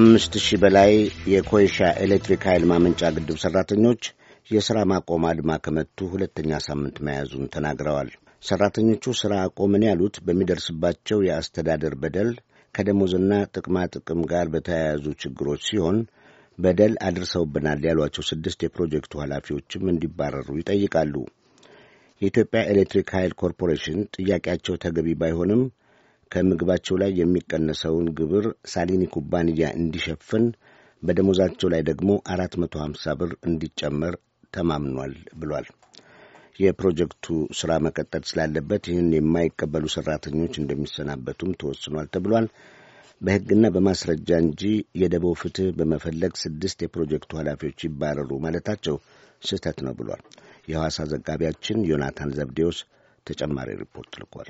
ከአምስት ሺህ በላይ የኮይሻ ኤሌክትሪክ ኃይል ማመንጫ ግድብ ሠራተኞች የሥራ ማቆም አድማ ከመቱ ሁለተኛ ሳምንት መያዙን ተናግረዋል። ሠራተኞቹ ሥራ አቆምን ያሉት በሚደርስባቸው የአስተዳደር በደል ከደሞዝና ጥቅማ ጥቅም ጋር በተያያዙ ችግሮች ሲሆን በደል አድርሰውብናል ያሏቸው ስድስት የፕሮጀክቱ ኃላፊዎችም እንዲባረሩ ይጠይቃሉ። የኢትዮጵያ ኤሌክትሪክ ኃይል ኮርፖሬሽን ጥያቄያቸው ተገቢ ባይሆንም ከምግባቸው ላይ የሚቀነሰውን ግብር ሳሊኒ ኩባንያ እንዲሸፍን በደሞዛቸው ላይ ደግሞ 450 ብር እንዲጨመር ተማምኗል ብሏል። የፕሮጀክቱ ሥራ መቀጠል ስላለበት ይህን የማይቀበሉ ሠራተኞች እንደሚሰናበቱም ተወስኗል ተብሏል። በሕግና በማስረጃ እንጂ የደቦ ፍትሕ በመፈለግ ስድስት የፕሮጀክቱ ኃላፊዎች ይባረሩ ማለታቸው ስህተት ነው ብሏል። የሐዋሳ ዘጋቢያችን ዮናታን ዘብዴዎስ ተጨማሪ ሪፖርት ልኳል።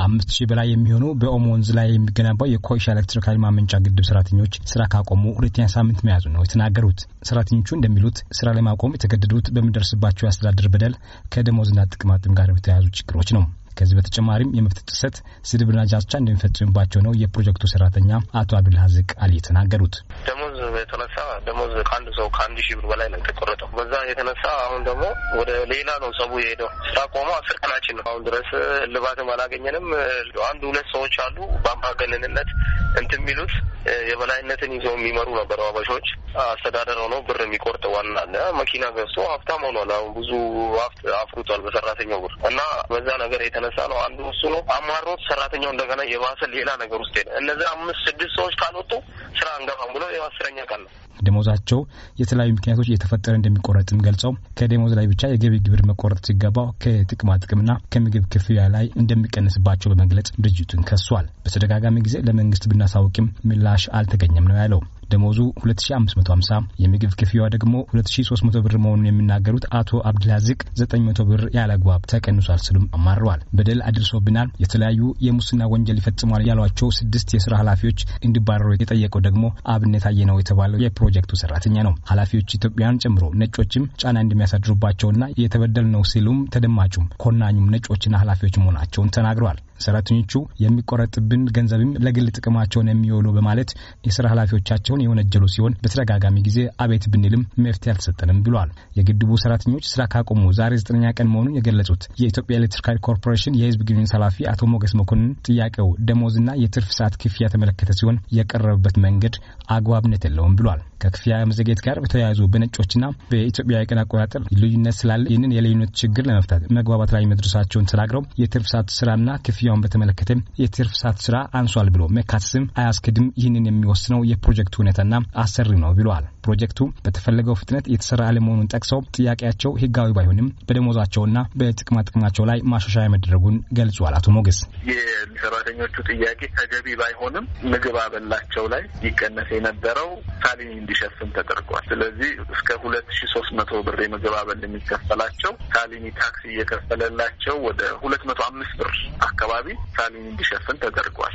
ከአምስት ሺህ በላይ የሚሆኑ በኦሞ ወንዝ ላይ የሚገነባው የኮይሻ ኤሌክትሪክ ኃይል ማመንጫ ግድብ ሰራተኞች ስራ ካቆሙ ሁለተኛ ሳምንት መያዙ ነው የተናገሩት። ሰራተኞቹ እንደሚሉት ስራ ለማቆም የተገደዱት በሚደርስባቸው የአስተዳደር በደል ከደሞዝና ጥቅማጥም ጋር የተያያዙ ችግሮች ነው። ከዚህ በተጨማሪም የመብት ጥሰት ስድብና ዛቻ እንደሚፈጽምባቸው ነው የፕሮጀክቱ ሰራተኛ አቶ አብዱልሀዚቅ አሊ የተናገሩት። ደሞዝ የተነሳ ደሞዝ ከአንድ ሰው ከአንድ ሺህ ብር በላይ ነው የተቆረጠው። በዛ የተነሳ አሁን ደግሞ ወደ ሌላ ነው ሰቡ የሄደው። ስራ ቆሞ አስር ቀናችን ነው አሁን ድረስ እልባትም አላገኘንም። አንድ ሁለት ሰዎች አሉ በአምባገነንነት እንትን የሚሉት የበላይነትን ይዘው የሚመሩ ነበር። አበሾች አስተዳደር ሆኖ ብር የሚቆርጥ ዋና አለ። መኪና ገዝቶ ሀብታም ሆኗል። አሁን ብዙ ሀብት አፍርቷል በሰራተኛው ብር እና በዛ ነገር የተነሳ ነው አንዱ እሱ ነው። አማሮት ሰራተኛው እንደገና የባሰ ሌላ ነገር ውስጥ ሄደ። እነዚህ አምስት ስድስት ሰዎች ካልወጡ ስራ እንገባም ብሎ የአስረኛ ቀን ነው ደሞዛቸው የተለያዩ ምክንያቶች እየተፈጠረ እንደሚቆረጥም ገልጸው ከደሞዝ ላይ ብቻ የገቢ ግብር መቆረጥ ሲገባው ከጥቅማ ጥቅምና ከምግብ ክፍያ ላይ እንደሚቀንስባቸው በመግለጽ ድርጅቱን ከሷል። በተደጋጋሚ ጊዜ ለመንግስት ብናሳውቅም ምላሽ አልተገኘም ነው ያለው። ደሞዙ 2550 የምግብ ክፍያዋ ደግሞ 2300 ብር መሆኑን የሚናገሩት አቶ አብድልአዚቅ 900 ብር ያለግባብ ተቀንሷል ስሉም አማረዋል። በደል አድርሶብናል፣ የተለያዩ የሙስና ወንጀል ይፈጽሟል ያሏቸው ስድስት የስራ ኃላፊዎች እንዲባረሩ የጠየቀው ደግሞ አብነት አየነው የተባለው የፕሮጀክቱ ሰራተኛ ነው። ኃላፊዎች ኢትዮጵያን ጨምሮ ነጮችም ጫና እንደሚያሳድሩባቸውና የተበደል ነው ሲሉም ተደማጩም ኮናኙም ነጮችና ኃላፊዎች መሆናቸውን ተናግረዋል። ሰራተኞቹ የሚቆረጥብን ገንዘብም ለግል ጥቅማቸውን የሚውሉ በማለት የስራ ኃላፊዎቻቸውን ግድቡን የወነጀሉ ሲሆን በተደጋጋሚ ጊዜ አቤት ብንልም መፍትሄ አልተሰጠንም ብሏል። የግድቡ ሰራተኞች ስራ ካቆሙ ዛሬ ዘጠነኛ ቀን መሆኑን የገለጹት የኢትዮጵያ ኤሌክትሪክ ኃይል ኮርፖሬሽን የህዝብ ግንኙነት ኃላፊ አቶ ሞገስ መኮንን ጥያቄው ደሞዝና የትርፍ ሰዓት ክፍያ የተመለከተ ሲሆን የቀረበበት መንገድ አግባብነት የለውም ብሏል። ከክፍያ መዘግየት ጋር በተያያዙ በነጮችና በኢትዮጵያ የቀን አቆጣጠር ልዩነት ስላለ ይህንን የልዩነት ችግር ለመፍታት መግባባት ላይ መድረሳቸውን ተናግረው የትርፍ ሰዓት ስራና ክፍያውን በተመለከተ የትርፍ ሰዓት ስራ አንሷል ብሎ መካሰስም አያስክድም። ይህንን የሚወስነው የፕሮጀክቱ የበላይነትና አሰሪ ነው ብለዋል። ፕሮጀክቱ በተፈለገው ፍጥነት የተሰራ አለመሆኑን ጠቅሰው ጥያቄያቸው ህጋዊ ባይሆንም በደሞዛቸውና በጥቅማ ጥቅማቸው ላይ ማሻሻያ መደረጉን ገልጿል። አቶ ሞገስ የሰራተኞቹ ጥያቄ ተገቢ ባይሆንም ምግብ አበላቸው ላይ ይቀነስ የነበረው ሳሊኒ እንዲሸፍን ተደርጓል። ስለዚህ እስከ ሁለት ሺ ሶስት መቶ ብር የምግብ አበል የሚከፈላቸው ሳሊኒ ታክሲ እየከፈለላቸው ወደ ሁለት መቶ አምስት ብር አካባቢ ሳሊኒ እንዲሸፍን ተደርጓል።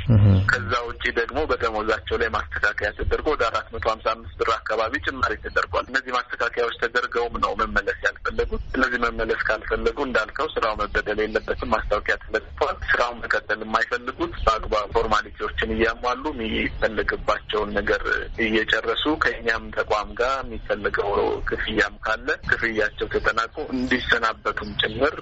ከዛ ደግሞ በደሞዛቸው ላይ ማስተካከያ ተደርጎ ወደ አራት መቶ ሀምሳ አምስት ብር አካባቢ ጭማሪ ተደርጓል። እነዚህ ማስተካከያዎች ተደርገውም ነው መመለ የፈለጉት። ስለዚህ መመለስ ካልፈለጉ እንዳልከው ስራው መበደል የለበትም። ማስታወቂያ ተለጥፏል። ስራውን መቀጠል የማይፈልጉት በአግባብ ፎርማሊቲዎችን እያሟሉ የሚፈለግባቸውን ነገር እየጨረሱ ከኛም ተቋም ጋር የሚፈለገው ክፍያም ካለ ክፍያቸው ተጠናቆ እንዲሰናበቱም ጭምር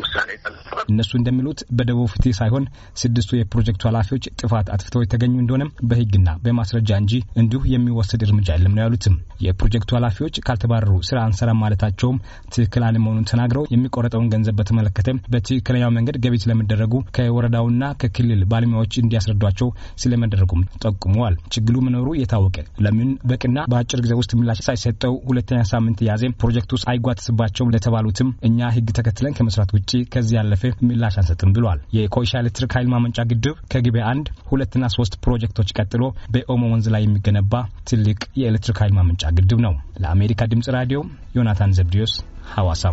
ውሳኔ ተለጥፏል። እነሱ እንደሚሉት በደቡብ ፍትህ ሳይሆን ስድስቱ የፕሮጀክቱ ኃላፊዎች ጥፋት አጥፍተው የተገኙ እንደሆነም በህግና በማስረጃ እንጂ እንዲሁ የሚወሰድ እርምጃ የለም ነው ያሉትም። የፕሮጀክቱ ኃላፊዎች ካልተባረሩ ስራ አንሰራ ማለታቸውም ትክክል አለመሆኑን ተናግረው የሚቆረጠውን ገንዘብ በተመለከተ በትክክለኛው መንገድ ገቢ ስለመደረጉ ከወረዳውና ከክልል ባለሙያዎች እንዲያስረዷቸው ስለመደረጉም ጠቁመዋል። ችግሩ መኖሩ የታወቀ ለምን በቅና በአጭር ጊዜ ውስጥ ምላሽ ሳይሰጠው ሁለተኛ ሳምንት የያዘ ፕሮጀክት ውስጥ አይጓተስባቸውም ለተባሉትም እኛ ህግ ተከትለን ከመስራት ውጭ ከዚህ ያለፈ ምላሽ አንሰጥም ብሏል። የኮይሻ ኤሌክትሪክ ኃይል ማመንጫ ግድብ ከግቤ አንድ ሁለትና ሶስት ፕሮጀክቶች ቀጥሎ በኦሞ ወንዝ ላይ የሚገነባ ትልቅ የኤሌክትሪክ ኃይል ማመንጫ ግድብ ነው። ለአሜሪካ ድምጽ ራዲዮ ዮናታን ዘብዲዮስ 下话心。